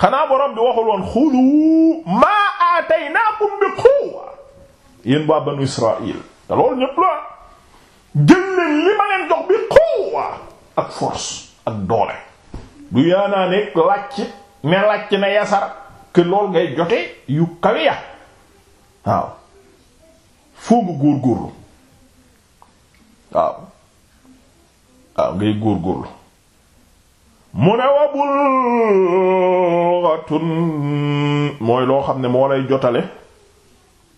xanaa borom bi waxul woon xudu maa aataynaakum bi quwwa yéen waa banu Israël te loolu ñëpp la jël leen li ma leen jox bi quwwa ak force ak doole. du yaanaa ne làcc ne làcc na yasar que lool ngay jote yu kawe ya waaw foo nga góorgóorlu waaw waaw ngay góorgóorlu. mu ne wa bulghatun mooy loo xam ne moo jotale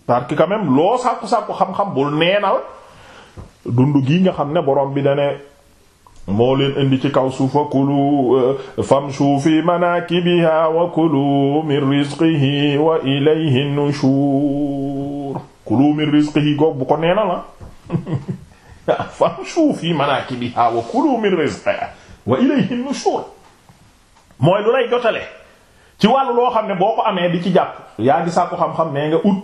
parce que quand même loo sàkku-sàkku xam-xam bul neenal dund gii nga xam ne borom bi dane moo indi ci kaw suufa kulu euh, famshu fi manakibiha wa kulu min rizqihi wa ilayhi nushur kulu min rizqihi goog bu ko neenal ah. la famshu fi manakibiha wa kulu min rizqihi wa ilayhi nushur mooy lu lay jotale ci wàllu loo xam ne boo ko amee di ci jàpp yaa ngi sàkku xam-xam nee nga ut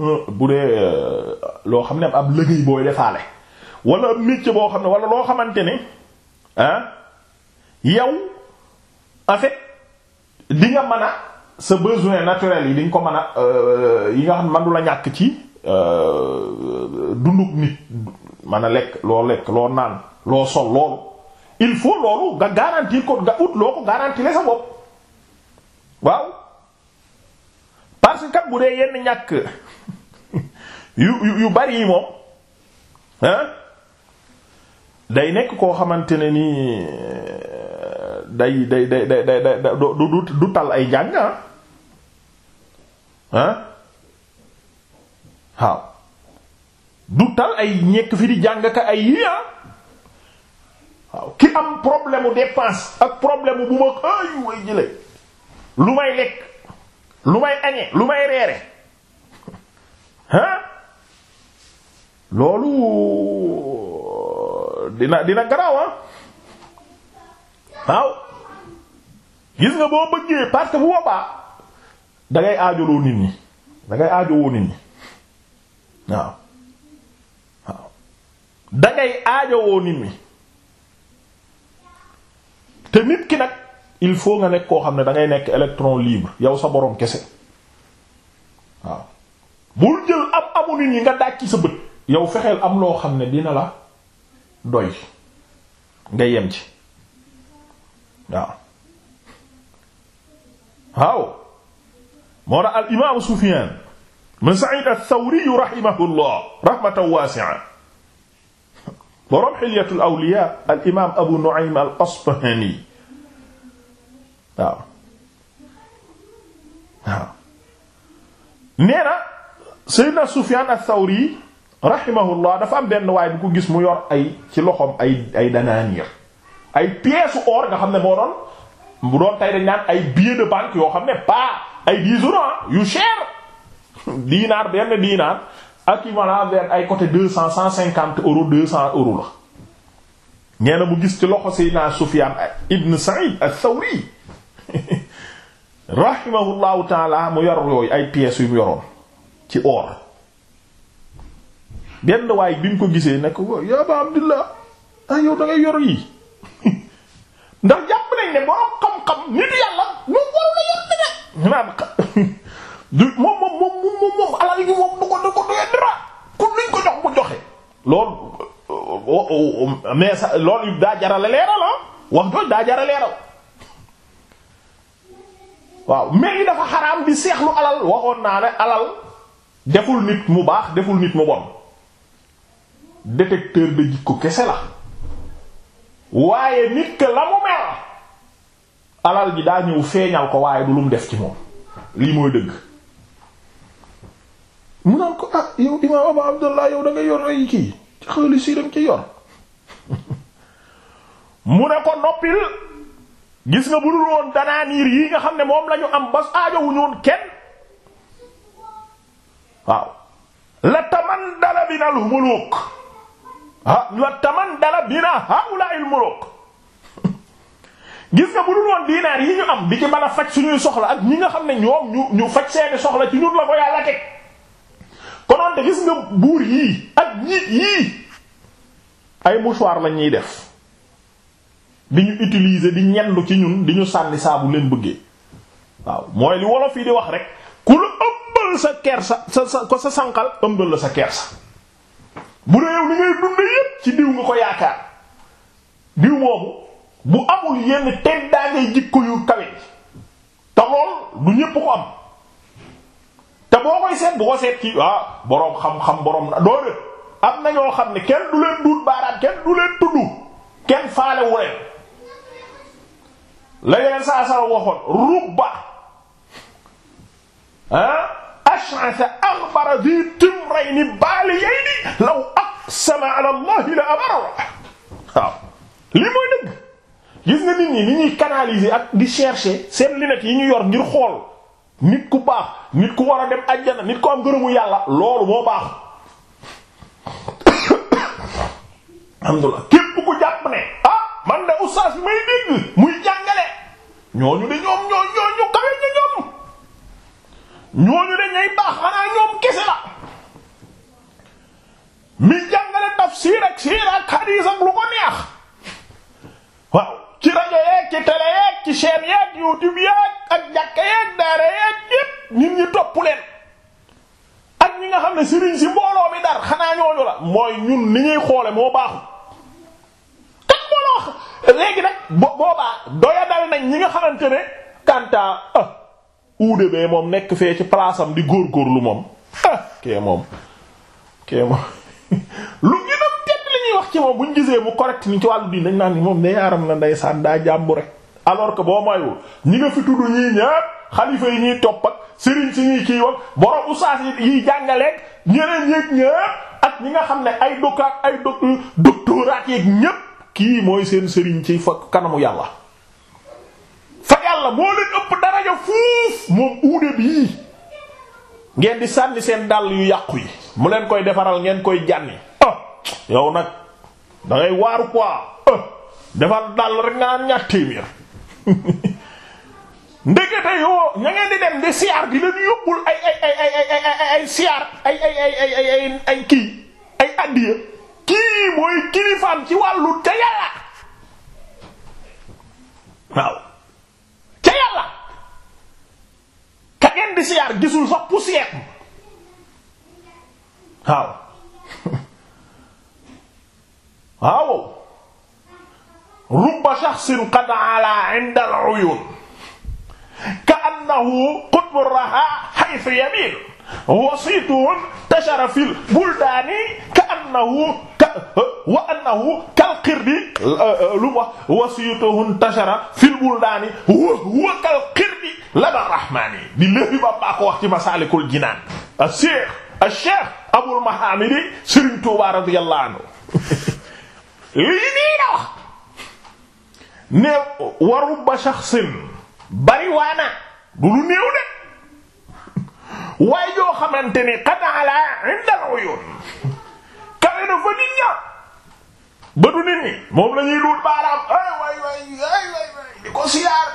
euh, bu dee euh, loo xam ne ab liggéey booy defaale wala ab métier boo xam ne wala loo xamante ne ah yow en fait di nga mën a sa besoin naturel yi di ko mën a euh, yi nga xam ne man du la ñàkk ci dunduk nit mën a lekk loo lekk loo naan loo sol loolu il faut loolu nga garantir ko nga ut loo ko garantir sa bopp waaw parce que kat bu dee yenn ñàkk yu yu bari yi moom day nekk koo xamante ne ni day day day day day du du tal ay jàng hein ay ñekk fi di jàng ka ay yi ah waaw ki am problème mu dépense ak problème bu ma ay way jële lu may lekk lu may añe lu may reere ah loolu euh, dina dina garaawa waaw gis nga boo bëggee parce que bu boobaa da ngay aajoloo nit ñi da aajowoo nit ñi waaw waaw da aajowoo nit ñi te nit ki nag il faut nga nekk koo xam ne dangay ngay nekk électron libre yow sa borom kese mu bul jël am amu nit ñi nga daj ci sa bët yow fexeel am loo xam ne dina la doy nga yem ci waaw waaw moo tax al imaamu Sufyaan ibn Sa'iid ath-Thawri rahimahullah rahmatan waasi'a boroom Hilyatul Awliyaa al imaam Abu Nu'aym al-Asbahaani waaw waaw nee na Seydina Sufyaan as-Sawri rahimahullah dafa am benn waay bu ko gis mu yor ay ci loxoom ay ay danaaniir ay pièces or nga xam ne moo doon bu doon tey dañ naan ay billets de banque yoo xam ne pas ay dix euros yu cher diinaar benn diinaar ak i maanaam vers ay côté deux cent cent cinquante euros deux la. nee mu gis ci loxo Seydina Sufyaan ibn Sa'id as-Sawri rahimahullahu taala mu yor ay pièces yu mu yoroon ci or benn waay bi ko gisee ne ko ya ba Abdullah ah yow da ngay yi ndax jàpp nañ ne borom xam-xam nit yàlla moom warul a yor dina naan du moom moom moom moom moom alal yi moom du ko du ko doyee dara ku luñ ko jox bu joxe loolu uh, uh, uh, mais sa loolu daa jarale leeral ah wax jooju daa jarale leeral. waaw mais dafa xaraam di seexlu alal waxoon naa ne alal deful nit mu baax deful nit mu bon détecteur de jikko kese la waaye nit ke la mu mel alal bi daa ñëw feeñal ko waaye du lu mu def ci moom lii mooy dëgg mu ko ah yow imaam Abu Abdullah yow da yor ay kii ci xaalis yi dem ci yor mu ne ko noppil gis nga bu dul woon danaa niir yi nga xam ne moom lañu am bas aajowuñu woon kenn waaw la taman dala bina al muluk ah la taman dala bina haula gis nga bu dul woon dinaar yi ñu am bi ci mën a faj suñuy soxla ak ñi nga xam ne ñoom ñu faj seeni soxla ci ñun la ko yàlla teg konoon te gis nga buur yii ak ñi yii ay mouchoir lañ ñuy def di ñu utiliser di ñendu ci ñun di ñu sànni saa bu leen bëggee waaw mooy li wolof yi di wax rek ku la ëmbal sa kersa sa sa ko sa sànqal ëmbal la sa kersa bu dee yow li ngay dund yépp ci diw nga ko yaakaar diw moomu bu amul yenn teddaangay jikko yu kawe te lool du ñépp ko am te boo koy seet bu ko seet ci ah, boroom xam-xam boroom na doo am na ñoo xam ne kenn du leen duut baaraat kenn du leen tudd kenn faale la yeneen saa saa waxoon rubba ah ash'atha aghbara dhi timrayni baliyayni law aqsama ala allahi la abara waaw lii mooy dëgg gis nga nit ñi ni ñuy canaliser ak di chercher seen linet yi ñu yor ngir xool nit ku baax nit ku war a dem ajjana nit ku am gërëmu yàlla loolu moo baax alhamdulillah képp ku jàpp ne man de ustaas bi may dégg muy jàngale ñooñu de ñoom ñoo ñooñu kawe ñu ñoom ñooñu de ñay baax xanaa ñoom kese la mi jàngale tafsiir ak siira ak xadiis ak lu ko neex waaw ci rajo yeeg ci télé yeeg ci chaîne yeeg YouTube yeeg ak jàkka yeeg daara yeeg yépp nit ñi topp leen ak ñi nga xam ne sëriñ si mbooloo mi dar xanaa ñooñu la mooy ñun ni ñuy xoole moo baaxu wax léegi nag boobaa doya nañ ñi nga xamante ne kanta ah, uude bee moom nekk fee ci palaasam di góorgóorlu moom ah kee moom kee moom lu ñu doon teg li ñuy wax ci moom bu ñu gisee bu correct ni ci wàllu diin dañ naan ni moom ne yaaram la ndeysaan daa jàmbu rek alors que boo mayul ñi nga fi tudd ñii ñépp xalifa yi ñuy topp ak sëriñ si ñuy kii wak borom ustaas yi jàngaleeg ñeneen ñéeg ñépp ak ñi nga xam ne ay dokaat ay doctoraat yeeg ñépp kii mooy seen sëriñ ci fa kanamu yàlla fa yàlla moo leen ëpp daraja fuuf moom uude bii ngeen di sànni seen dàll yu yàqu yi mu leen koy defaral ngeen koy jànni ah yow nag da ngay waaru quoi ah defar dàll rek nga am ñaar téeméer ndekete yoo ña ngeen di dem di siyaar di leen yóbbul ay ay ay ay ay ay ay ay ay ay ay kii mooy kilifaam ci wàllu ca yàlla waaw ca yàlla ka ngeen di siyaar gisul sax poussière waaw waaw rubba shakhsin qad ala 'inda al-'uyun ka'annahu qutbu ar-raha haythu yamiil wasiitun tashara fil buldaani annahu ka wa annahu kal qirdi euh, euh, lu wax wasiyatuhun tashara fil buldaani wa huwa kal qirdi lada rahmaani di léegi ba baa ko wax ci masaalikul jinaan as-Cheikh as-Cheikh Abul Mahamidi Serigne Touba radiyallahu anhu lii nii na wax ne wa rubba shakhsin bariwaana du lu néew de waaye yoo xamante ni qad ala inda al uyun nee na ba du nit ñi moom lañuy ñuy luut baaraam ay way way ay way way di ko siyaar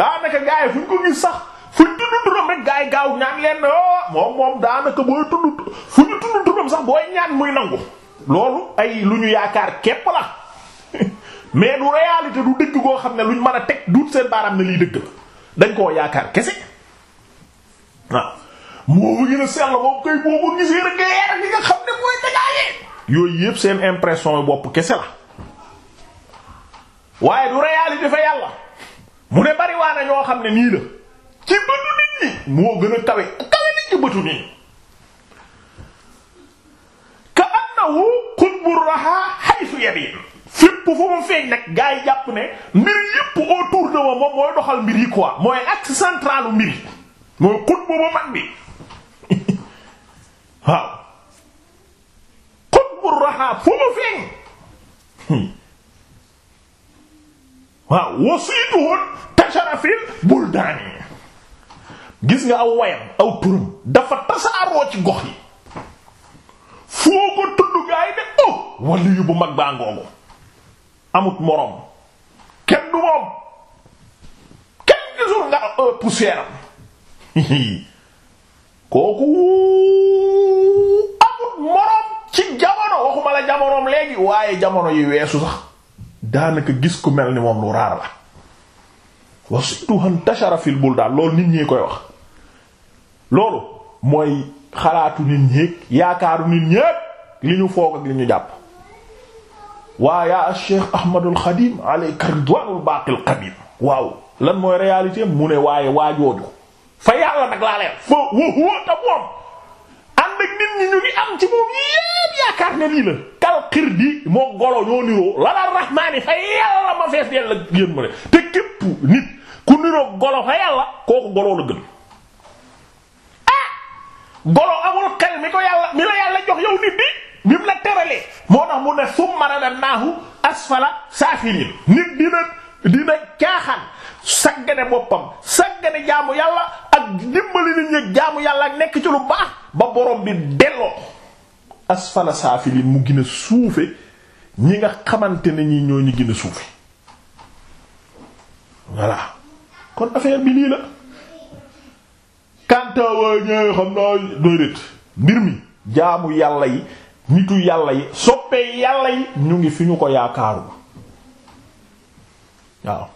daanaka gaa yi fu ñu ko gis sax fu ñu tudd turam rek gaa gaaw ñaan leen oh, moom moom daanaka booy tudd fu ñu tudd turam sax booy ñaan muy nangu loolu ay lu ñu yaakaar képp la mais du réalité du dëgg goo xam ne luñ mën a teg duut seen baaraam ne liy dëgg la dañ koo yaakaar kese waaw moo gën a sell moom koy boobu gisee rek leer bi nga xam ne mooy dégagé. yooyu yëpp seen impression yi bopp kese la waaye du réalité fa yàlla mu ne bariwaana ñoo xam ne nii la ci bëtu nit ñi moo gën a kawe kawe nit ci bëtu nit ñi ka annahu qutbu raha haythu yabin fépp fu mu feeñ nag gaa yi jàpp ne mbir yëpp autour de ma mooy doxal mbir yi quoi mooy axe central u mbir yi mooy xutbu bu mag bi waaw xutbu raxaa fu mu feeñ hmm. waaw wasiituhu tasharafil buldaani gis nga aw wayam aw turam dafa tasaaroo ci gox yi foo ko tudd gaa yi de oh wali bu mag baa ngoogu amut moroom kenn du moom kenn gisul nga euh, poussière am kooku jamonoom léegi waaye jamono yi weesu sax daanaka gis ku mel ni moom lu raar la wa surtout intashara fil buldaan loolu nit ñi koy wax loolu mooy xalaatu nit ñéeg yaakaaru nit ñéeg li ñu foog ak li ñu jàpp waa yaa al cheikh ahmadul xadim alayka ridwanul baaqil qadim waaw lan mooy réalité mu ne waaye waajooju fa yàlla nag laa fa wa huwa ta moom ñi ñu ngi am ci moom yépp yaakaar ne lii la kal xir di moo golo ñoo niroo lala rahmaani fa yàlla ma fees yàlla génn ma ne te képp nit ku niroo golo fa yàlla kooku golo la gën ah golo amul xel mi ko yàlla mi la yàlla jox yow nit bi mu la teralee moo tax mu ne summa radadnaahu asfala saafiliin nit dina dina caaxaan saggane boppam saggane jaamu yàlla ak dimbali nit ñi jaamu yàlla ak nekk ci lu baax ba borom bi delloo asfala saafili mu gën a suufe ñi nga xamante ne ñi ñoo ñu gën a suufe voilà kon affaire bi lii la kantawaay ñee xam naa déedéet mbir mi jaamu yàlla yi nitu yàlla yi soppee yàlla yi ñu ngi fi ñu ko yaakaaru waaw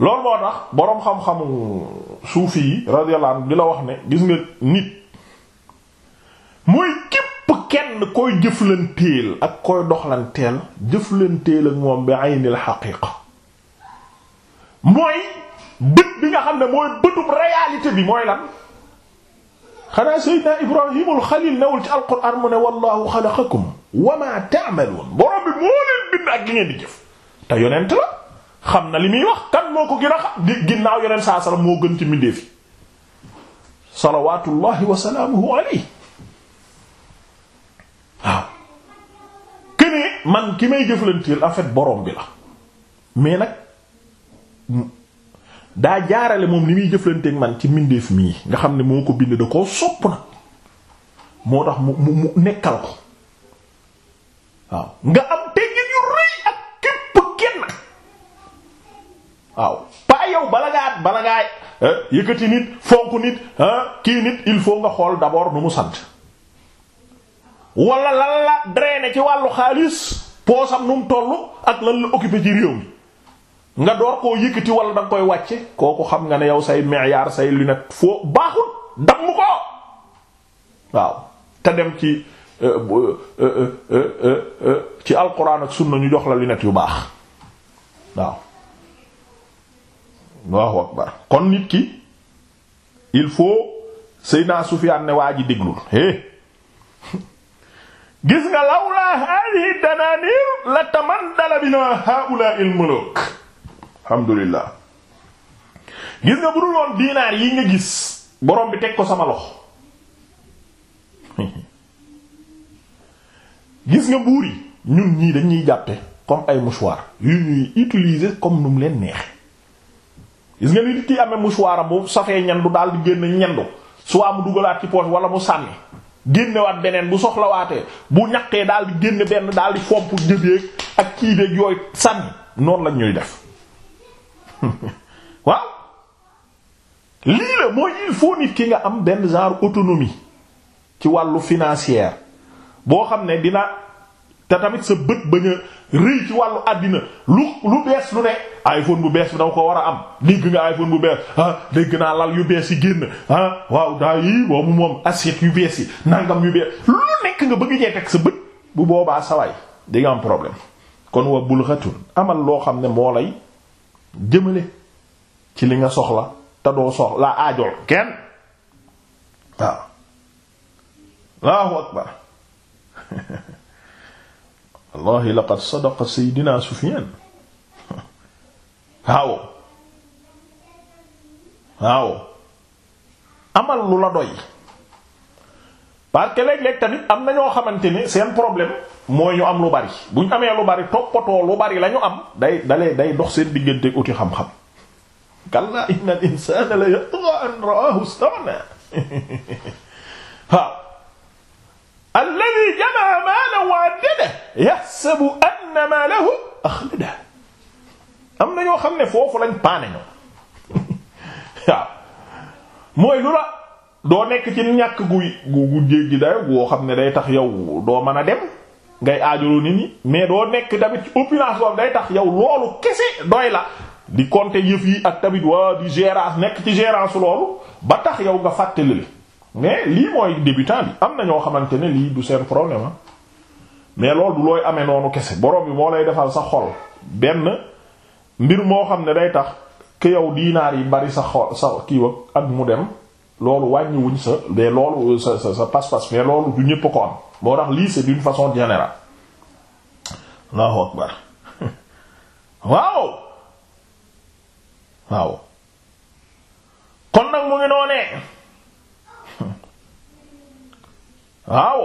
loolu moo tax boroom xam-xamu suufi yi radiyallahu anhu di la wax ne gis nga nit mooy képp kenn koy jëflanteel ak koy doxlanteel jëflanteel moom bi aynil xaqiiqa mooy bët bi nga xam ne mooy bëtub réalité bi mooy lan xanaa Seydina Ibrahimul Xalil newul ci alquran mu ne wallahu xalaqakum wa ma ta'malun bi moo leen bind ak li ngeen di jëf te yonent la xam na li muy wax kan moo ko gën a xam ginnaaw yeneen saa moo gën ci mbindeef yi salawaatullahi wa salaamuhu waaw këne man ki may jëflanteel en fait borom bi la mais nag daa jaarale moom li muy jëflanteek man ci mbindeef mii nga xam ne moo ko bind da koo sopp na moo tax mu mu mu nekkal ko waaw nga am teg waaw pas yow bala ngaa bala ngaa eh, yëkkati nit fonk nit eh, kii nit il faut nga xool d'abord nu mu sant wala lan la drainer ci wàllu xaalis poosam nu mu tollu ak lan la ci réew mi nga door koo yëkkati wala da koy wàcce kooku xam nga ne yow say meeyaar say lunette foo baaxul damm ko waaw te dem ci eh, ci alquran ak sunna ñu jox la lunette yu baax waaw. Allahu akbar kon nit ki il faut Seydina Sufyaan ne waa ji déglul é gis nga lawlaa hadihi dananir la tamandala bina haula il muluk alhamdulillah gis nga bu dul woon dinaar yi nga gis borom bi teg ko sama lox gis nga buur yi ñun ñii dañuy jàppe comme ay mouchoir yu ñuy utiliser comme nu mu leen neex gis nga nit ki amee mouchoir bu safee ñandu daal di génn ñandu soit mu dugalaat ci poche wala mu sànni génnewaat beneen bu soxlawaatee bu ñaqee daal di génne benn daal di fomp jëbeeg ak kii beeg yooyu sànni noonu lañ ñuy def waaw. lii la mooy il faut nit ki nga am benn genre autonomie ci wàllu financière boo xam ne dina. te tamit sa bët bañ a rëy ci wàllu àddina lu lu bees lu ne iPhone bu bees bi danga ko war a am dégg nga iPhone bu bees ah yu bees yi génn ah, yu bees yi nangam yu bees lu nekk nga bëgg ñee teg sa bët bu boobaa sawaay di am problème kon wa bulghatun amal loo xam ne moo lay jëmale ci li nga soxla te doo soxla aajool kenn waaw Allahu akbar wallahi laqad que seydina Sufyaan waaw waaw amal lu la doy parce que léeg tamit am na ñoo xamante ni seen problème mooy ñu am lu bari bu ñu amee lu bari toppatoo lu bari lañu am day dalee day dox seen diggante uti xam-xam kallaa inna al insana la yatgha an ra'ahu istaghnaa waaw alladhi jamaa maalan wa addadah yaxsabu anna maa lahu axlada am na ñoo xam ne foofu lañ paane ñoo waaw mooy lu la doo nekk ci ñàkk gu gu jéggi dayo woo xam ne day tax yow doo mën a dem ngay aajuloo nit ñi mais doo nekk tamit ci opulence boobu day tax yow loolu kese doy la di compter yëf yi ak tamit waa di gérance nekk ci gérance loolu ba tax yow nga fàttali li mais lii mooy débutant bi am na ñoo xamante ne lii du seen problème ah. mais loolu looy ame noonu kese borom bi moo lay defal sa xol benn mbir moo xam ne day tax ke yow diinaar yi bari sa xol sa kiiwa ak mu dem loolu wàññiwuñ sa mais loolu sa sa sa mais loolu du ñépp ko am moo tax lii c'est d'une façon générale waaw waaw kon nag mu ngi noonee waaw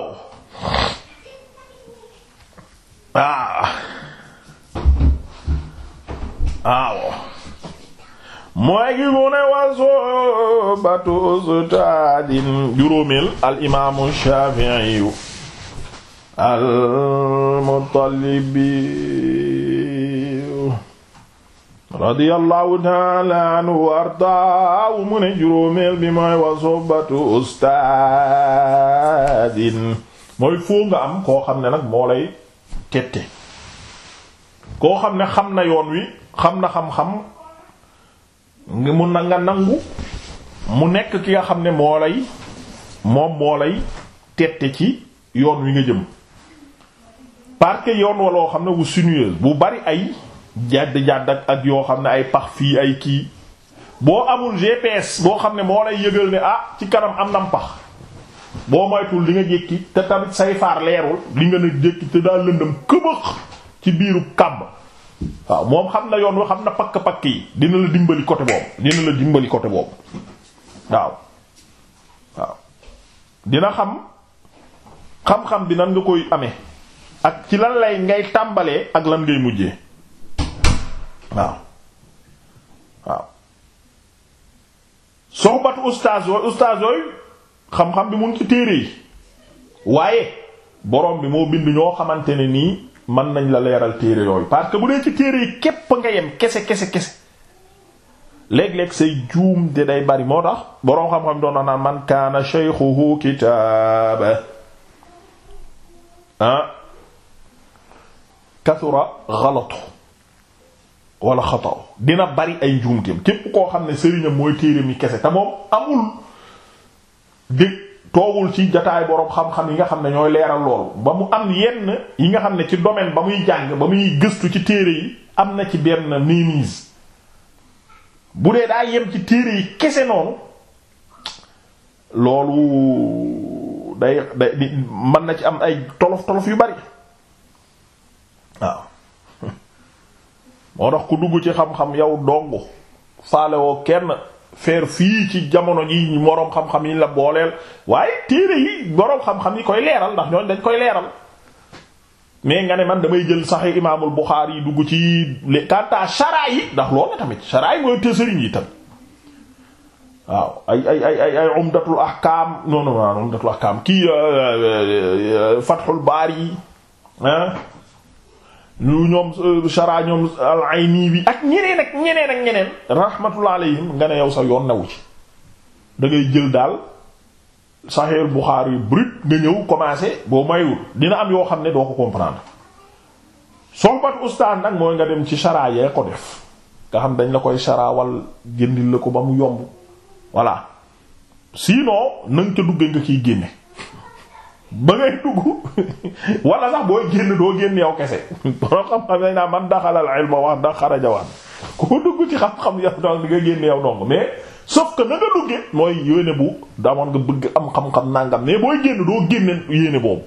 waaw ah. waaw mooy gi mu ne waso batu ustaadin juróomeel al imaamu Shaafi'i al Muttalibi radiyallahu ta'ala anhu wa ardaahu mu ne juróomeel bi mooy waso batu ustaadin mooy foo nga am koo xam ne nag moo tette koo xam ne xam na yoon wi xam na xam-xam mu mun na nga nangu mu nekk ki nga xam ne moo lay moom moo lay tette ci yoon wi nga jëm parce que yoon waloo xam ne bu sinueuse bu bari ay jàdd jàdd ak yoo xam ne ay pax fii ay kii boo amul GPS boo xam ne moo lay yëgal ne ah ci kanam am nam pax boo moytul li nga jékki te tamit say faar leerul li nga na jékki te daa lëndëm këbëx ci biiru kàmb waaw moom xam na yoon wa xam na pakk-pakk yi dina la dimbali côté boobu la dimbali côté boobu waaw waaw dina xam xam-xam bi nan nga koy ame ak ci lan lay ngay tàmbalee ak lan ngay mujjee waaw waaw soxbatu ustaas yooyu ustaas yooyu xam-xam bi mun ci téere yi waaye boroom bi moo bind ñoo xamante ne nii mën nañ la leeral téere yooyu parce que bu dee ci téere yi képp nga yem kese kese kese léeg-léeg say juum te day bari moo tax boroom xam-xam doon na naan man kaana shaykhuhu kitaaba ah kathura ghalatu xataw dina bari ay njuumteem képp koo xam ne sëriñam mooy téere mi kese te moom amul dégg toogul ci jataay boroom xam-xam yi nga xam ne ñooy leeral loolu ba mu am yenn yi nga xam ne ci domaine ba muy jàng ba muy gëstu ci téere yi am na ci benn nimise bu dee daa yem ci téere yi kese noonu loolu day day mën na ci am ay tolof tolof yu bari waaw moo tax ku dugg ci xam-xam yow dong faale woo kenn faire fii ci jamono ji moroom xam-xam yi la booleel waaye téere yi boroom xam-xam yi koy leeral ndax ñooñ dañ koy leeral mais nga ne man damay jël saxi imaamul Buxaari yi dugg ci kanta shara yi ndax loolu la tamit shara yi mooy tësëriñ yi tamit waaw ay ay ay ay ay umdatul ahkaam non non umdatul ahkaam kii euh, euh, euh, Fathul Baari yi lu ñoom euh, shara ñoom al ayni bi ak ñeneen ak ñeneen ak ñeneen rahmatullah alayhim nga ne yow sa yoon newu ci da ngay jël daal Sahih Bukhari brut nga ñëw commencé boo mayul dina am yoo xam ne doo ko comprendre soxbat ustaan nag mooy nga dem ci shara yee ko def nga xam dañ la koy sharawal jëndi la ko ba mu yomb voilà sinon nanga ca dugge nga kiy génne ba ngay dugg wala sax booy génn doo génn yow kese borom xam-xam dañ naa man daxalal ilma wax da xaraja wax dugg ci xam-xam yow doo di nga génn yow dong mais sauf que na duggee mooy yéene bu damoon nga bëgg am xam-xam nangam mais booy génn doo génne yéene boobu.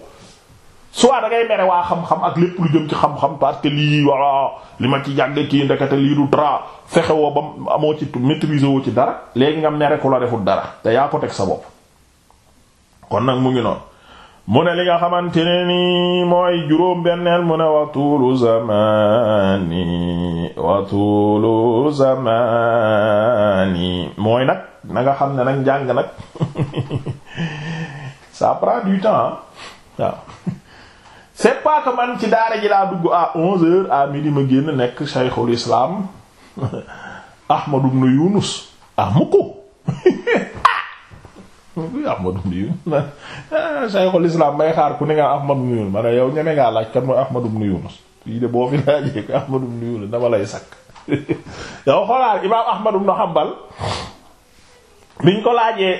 soit da ngay mere waa xam-xam ak lépp lu jëm ci xam-xam parce que lii waa li ma ci jàngee kii ndekete lii du dara fexewoo woo ba amoo ci maîtriser woo ci dara léegi nga mere ku la deful dara yaa ko teg sa bopp kon mu ngi noonu. mu li nga xamante ne ni mooy juróom benneel mu ne wa tuulu zamani wa tuulu zamani mooy nag na nga xam ne nag njàng nag ça prend du temps waaw c'est pas que man ci daar ji laa dugg à onze heures à midi ma génn nekk Shaykhul Islam Ahmad ibn Yunus ah mu Ahmadu Muyul man Sayxul Islam may xaar ku ne nga Ahmadu Muyul ma ne yow ñeme ngaa laaj kan mooy Ahmadu Muyul de boo fi laajee ko Ahmadu Muyul dama ko laajee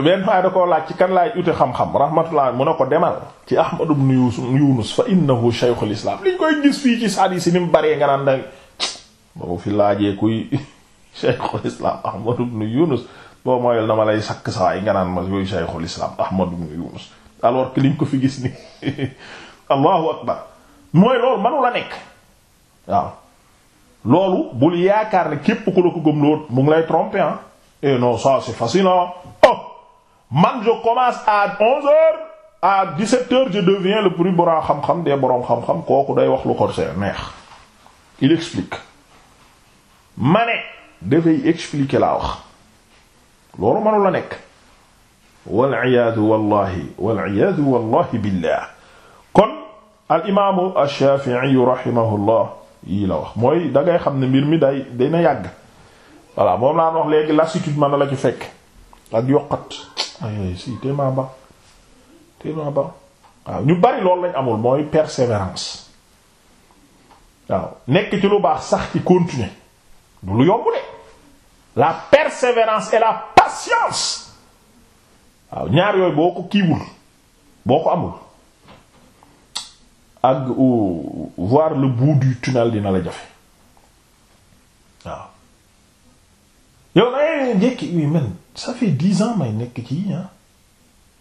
benn faa da koo kan laay ute xam-xam rahmatullah ko demal ci Ahmad ibn Yunus fa innahu shaykhul islam fii ci boo fi laajee kuy shaykhul islam Ahmad ibn Yunus boo mooyal dama lay sakk yi nga naan ma yooyu shaykhul islam ahmad ibn yunus alors que liñ ko fi gis ni allahu akbar mooy loolu manu la nekk waaw loolu bul yaakaar ne képp ku la ko gëm lool mu ngi lay tromper ah eh et non ça c'est fascinant oh man je commence à onze heures à dix-sept heures je deviens le plus borom xam-xam des borom xam-xam kooku day wax lu ko see neex il explique ma ne dafay expliquer laa wax loolu mënu la nekk waliyaadu wallahi waliyaadu wallahi billah kon al imaamu ash-Shafi'i rahimahullah yii la mooy da ngay xam ne mbir mi day dina yàgg voilà moom laa wax léegi lassitude la ci fekk ak yokkat ay si téemaa ba téemaa ñu bari loolu lay amul mooy persévérance nekk ci lu baax sax ci continuer lu yomb de patience waaw ñaar yooyu boo ko kiiwul boo ko amul ak voir le bout du tunnel dina la jafe waaw yow nag njëkk yi man ça fait dix ans may nekk ci yi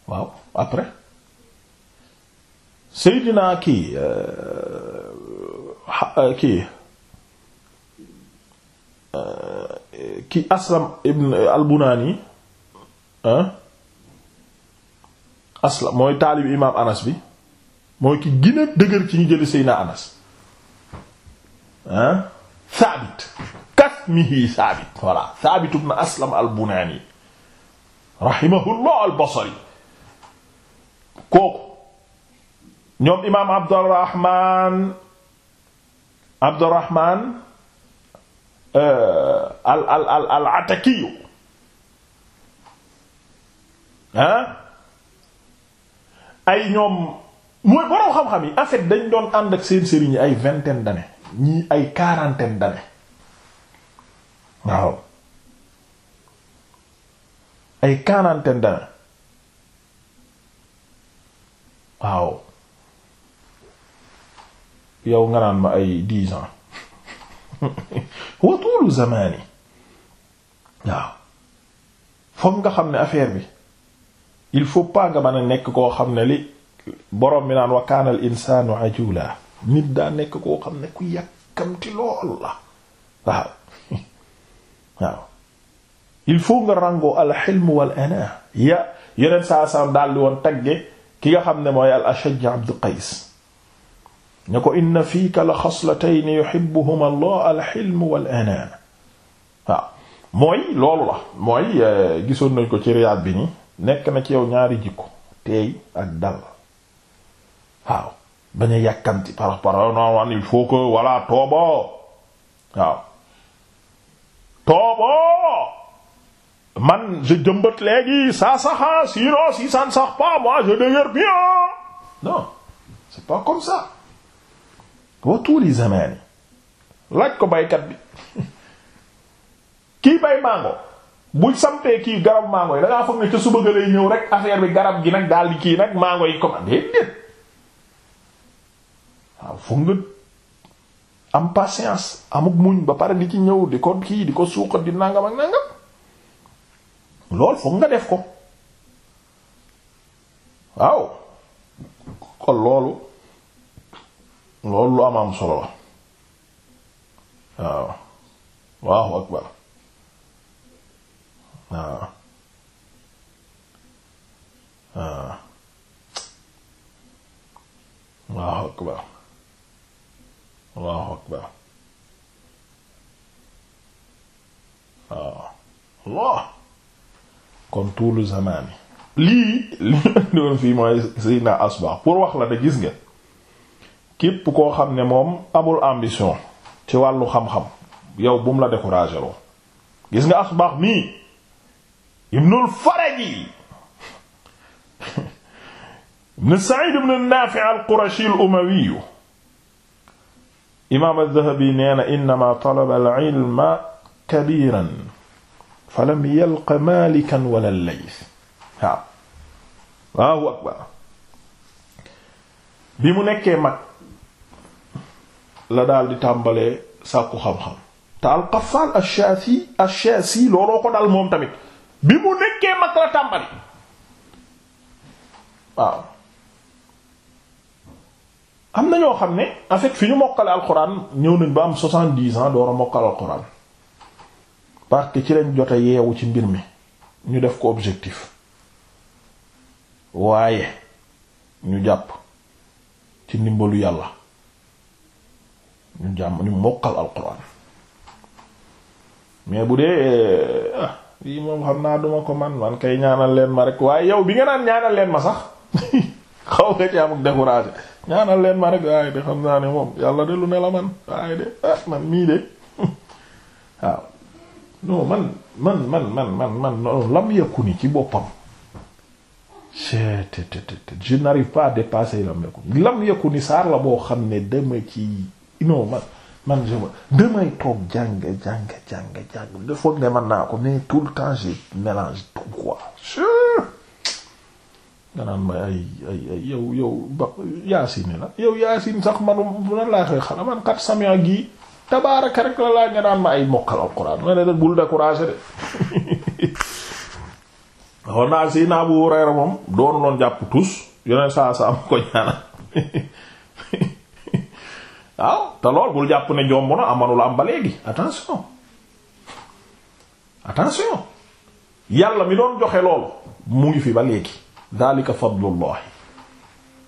waaw après Seydina kii euh, euh, kii euh, ki aslam ibn al-Bunani aslam mooy taalib imaam anas bi mooy ki gën a dëgër ci ñu jëli seyna anas ah saabit kasmihi saabit voilà saabit ibn aslam al-Bunani rahimahullah al-Basri kooku ñoom imaam Abdurrahman Abdurrahman euh al al al al atakiyu ah ay ñoom mooy borom xam-xam yi en fait dañ doon ànd ak seen sëriñ yi ay vingtaine d'années ñii ay quarantaine d'années waaw ay quarantaine d'années waaw yow nga naan ma ay dix ans wa tuulu zamani waaw foog nga xam ne affaire bi il faut pas nga mën a nekk koo xam ne li borom mi naan wa kaana al insaanu ajula nit daa nekk koo xam ne ku yàkkamti lool la waaw waaw il faut nga ràngoo al xilm wal ana ya yeneen saa san daal di woon tagge ki nga xam ne mooy al ashaj abdu qays ne ko inna fiika la xaslatayn yuhibbuhuma allah al xilm wal ana mooy loolu la mooy euh, gisoon nañ ko ci riyaat bi ni nekk na ci yow ñaari jikko teey ak dal waaw bañ a yàkkamti par rapport non wan il faut que voilà toobo waaw toobo man je jëmbat léegi ça saxa sinon si ça ne sax pas moi je deviens bien non c'est pas comme ça wa tous les zamani laaj ko baykat bi kii bay mango bu samtee kii garab mango yi da foog ne ca suba lay ñëw rek affaire bi garab gi nag daal di kii nag mango yi commandé nga am patience amuk muñ ba pare di ci ñëw di ko kii di ko suuqat di nangam lool nga def ko waaw kon loolu loolu lu am am solo la waaw waaw akbar waaw waaw Allahu akbar Allahu akbar waaw Allah kon tuulu zamani lii li doon fii mooy Seydina Asbagh pour wax la da gis nga képp koo xam ne moom amul ambition ci wàllu xam-xam yow bu mu la décourager gis nga Asbagh mii ibnul Faraji ibn Sa'id ibn Nafi' al-Qurashi al-Umawi imaam az-Zahabi nee na innama talaba al-ilma kabiran falam yalqa Maalikan wala Layth waaw waaw akbar bi mu nekkee mag la daal di tàmbalee sàkku xam-xam te al-Qaffal ash-Shaasi ash-Shaasi looloo ko dal moom tamit bi mu nekkee mag la tàmbali waaw am na ñoo xam ne en fi ñu mokkale alxuraan ñëw nañ ba am soixante-dix ans door a mokkal alxuraan parce ci lañ jote yeewu ci mbir mi ñu def ko objectif waaye ñu jàpp ci ndimbalu yàlla ñu jàmm ñu mokkal alxuraan mais bu dee euh, lii moom xam naa duma ko man man kay ñaanal leen ma rek waaye yow bi nga naan ñaanal leen ma sax xaw nga ci amuk découragé ñaanal leen ma rek waaye de xam naa ne moom yàlla de lu ne la man waaye de ah man mii de waaw non man man man man man lam yekku ni ci boppam c'est je n'arrive pas à dépasser lam yekku lam yekku ni saar la boo xam ne dama ci non man man je me damay toog jàng jàng jàng jàng nga naan may ay ay ay yow ba yaasin la yow yaasin sax manum nan laa koy xala man samia gi tabaaraka rek la laa nga naan ma ay mokkal alquran ma ne da bul découragé de waxoon naa si naa Abu Hurayra moom doon loon jàpp tous yoneen saa saa mu ko ñaanal waaw te lool bul jàpp ne jomb na amanula am ba léegi attention attention yàlla mi doon joxe lool mu ngi fi ba léegi daalika fadlullahi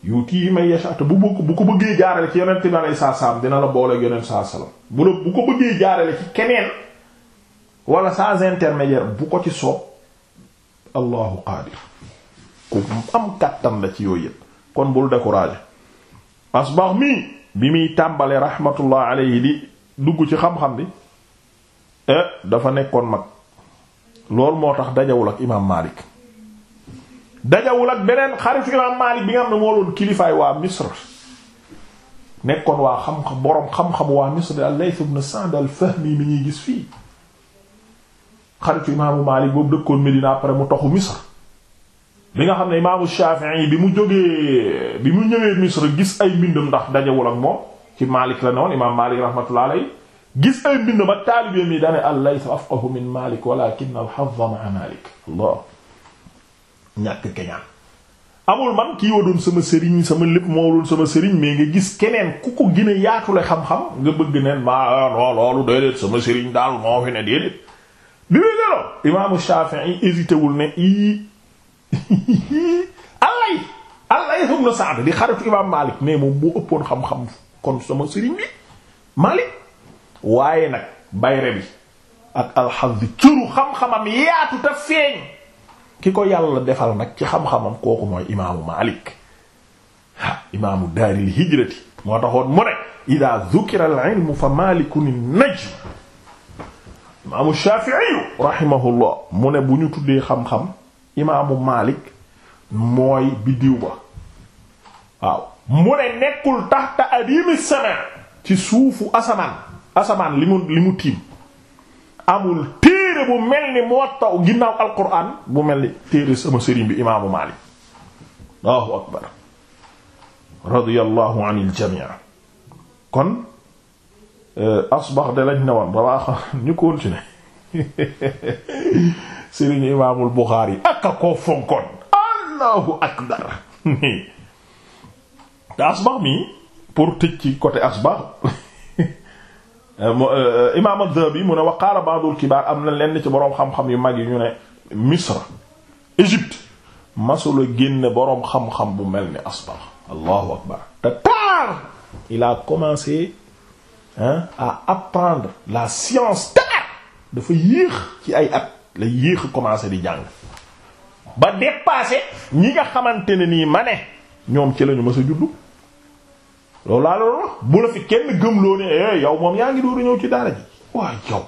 yuti may yasha te bu bokk bu ko bëggee jaarale ci yonent bi alayhi salaam dina la booleeg yonent saa salaam bu la bu ko bëggee jaarale ci keneen wala sans intermédiaire bu ko ci soob allahu qaadir ku am kàttan la ci yooyu yëpp kon bul décourager asbax mi bi muy tàmbalee rahmatullah alayhi di dugg ci xam-xam bi eh, dafa nekkoon mag loolu moo tax dajawul ak imaam Maalik dajawul ak beneen xaritu imaam Maalik bi nga xam ne moo doon kilifaay waa Misr nekkoon waa xam-xam boroom xam-xam waa Misr al-Layth ibn Sa'd al-Fahmi mi ñuy gis fii xaritu imaamu Maalik boobu dëkkoon Medina après mu toxu Misr bi nga xam ne imaamu Shafi'i bi mu jógee bi mu ñëwee Misra gis ay mbindam ndax dajewul ak moom ci Maalik la ne imaam Maalik rahmatullah alayhi gis ay mbindam ak taalibeem yi dane al-laysa afqahu min Maalik walakin al-hazza ma'a Allah ñàkk keñaan amul man kii wa doon sama sëriñ sama lépp moo doon sama sëriñ mais nga gis keneen ku ko gën a yaatule xam-xam nga bëgg neen maa non loolu déedéet sama sëriñ daal moo fi ne bi muy neloo imaamu Shafi'i hésité allay allay hum na saada di xaritu imaam Maalik mais moom moo ëppoon xam-xam kon sama sëriñ bi Maalik waaye nag bayre bi ak alxamdi curu xam-xamam yaatu te ki ko yàlla defal nag ci xam-xamam kooku mooy imaamu Maalik ha imaamu daaril hijrati moo taxoon mu ne ida zukira al ilmu fa malikun najm imaamu Shaafi'i rahimahullah mu ne bu ñu tuddee xam-xam imaamu Malik mooy biddiw ba waaw mu ne nekkul taxta adimi sama ci suufu asamaan asamaan li mu li mu tiim amul téere bu mel ni moo taw ginnaaw alquran bu mel ni téere sama sëriñ bi imaamu Malik Allahu akbar radiyallahu anil jamii kon eh, asbax de lañ ne woon babaa xam ñu continuer sëriñu imaamul Buxaari ak a koo fonkoon allahu akbar te asbax mi pour tëj ci côté asbax euh, euh, imaam ad-Dhahabi mu ne wa qaala ba'dul kibaar am na lenn ci boroom xam-xam yu mag yi ñu ne Misra Égypte masula génne boroom xam-xam bu mel ni asbax allahu akbar te tard il a apprendre la science tard dafa yéex ci ay at la yéex a commencé di jàng ba dépassé ñi nga xamante ne nii ma ne ñoom ci lañu mës a juddu loolu laa loolu bu la fi kenn gëmloo ne eh, yow moom yaa ngi dooru ñëw ci daara ji waaw yow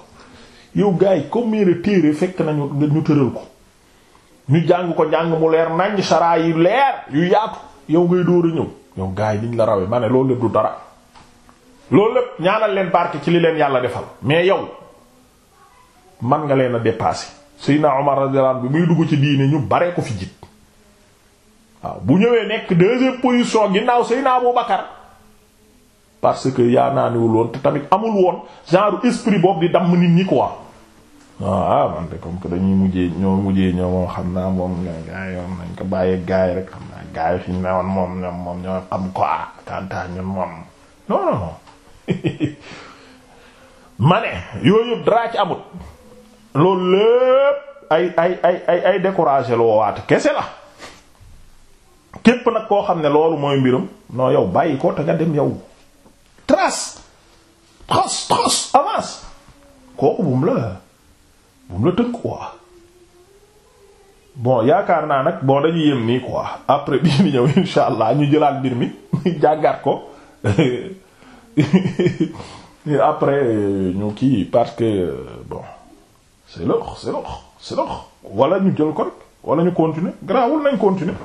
yow gars yi combien de téere fekk nañu ñu tëral ko ñu jàng ko jàng mu leer nañ saraa yu leer yu yaatu yow ngay dóor a ñëw yow gars yi la rawee ma ne loolu lépp du dara loolu lépp ñaanal leen barke ci li leen yàlla defal mais yow man nga leen a dépasser Seydina Omar radiyallahu bi muy dugg ci diine ñu baree ko fi jit waaw bu ñëwee nekk deuxième position ginnaaw Seydina Abu Bakar parce que yaa naaniwul woon te tamit amul woon genre esprit boobu di damm nit ñi quoi ah, ah man de comme que dañuy mujjee ñoo mujjee ñoo moom xam naa moom gaay yoon nañ ko bàyyee gaay rek xam naa gaay fi ñu ne woon moom ñoom moom ñoo xam quoi tanta ñun moom non yooyu yëpp dara ci amut loolu lépp ay ay ay ay ay découragé lu kese la képp nag koo xam ne loolu mooy mbiram noo yow bàyyi ko te nga dem yow trace trace trace avance kooku bu la bu la tënk quoi bon yaakaar naa nag bon dañuy yem nii quoi après bii di ñëw insha allah ñu jëlaat mbir mi jàngat ko après euh, ñu kii parce que euh, bon. c'est l'heure c'est l'heure c'est l'heure wala ñu jël ko rek wala ñu continuer garaawul nañ continuer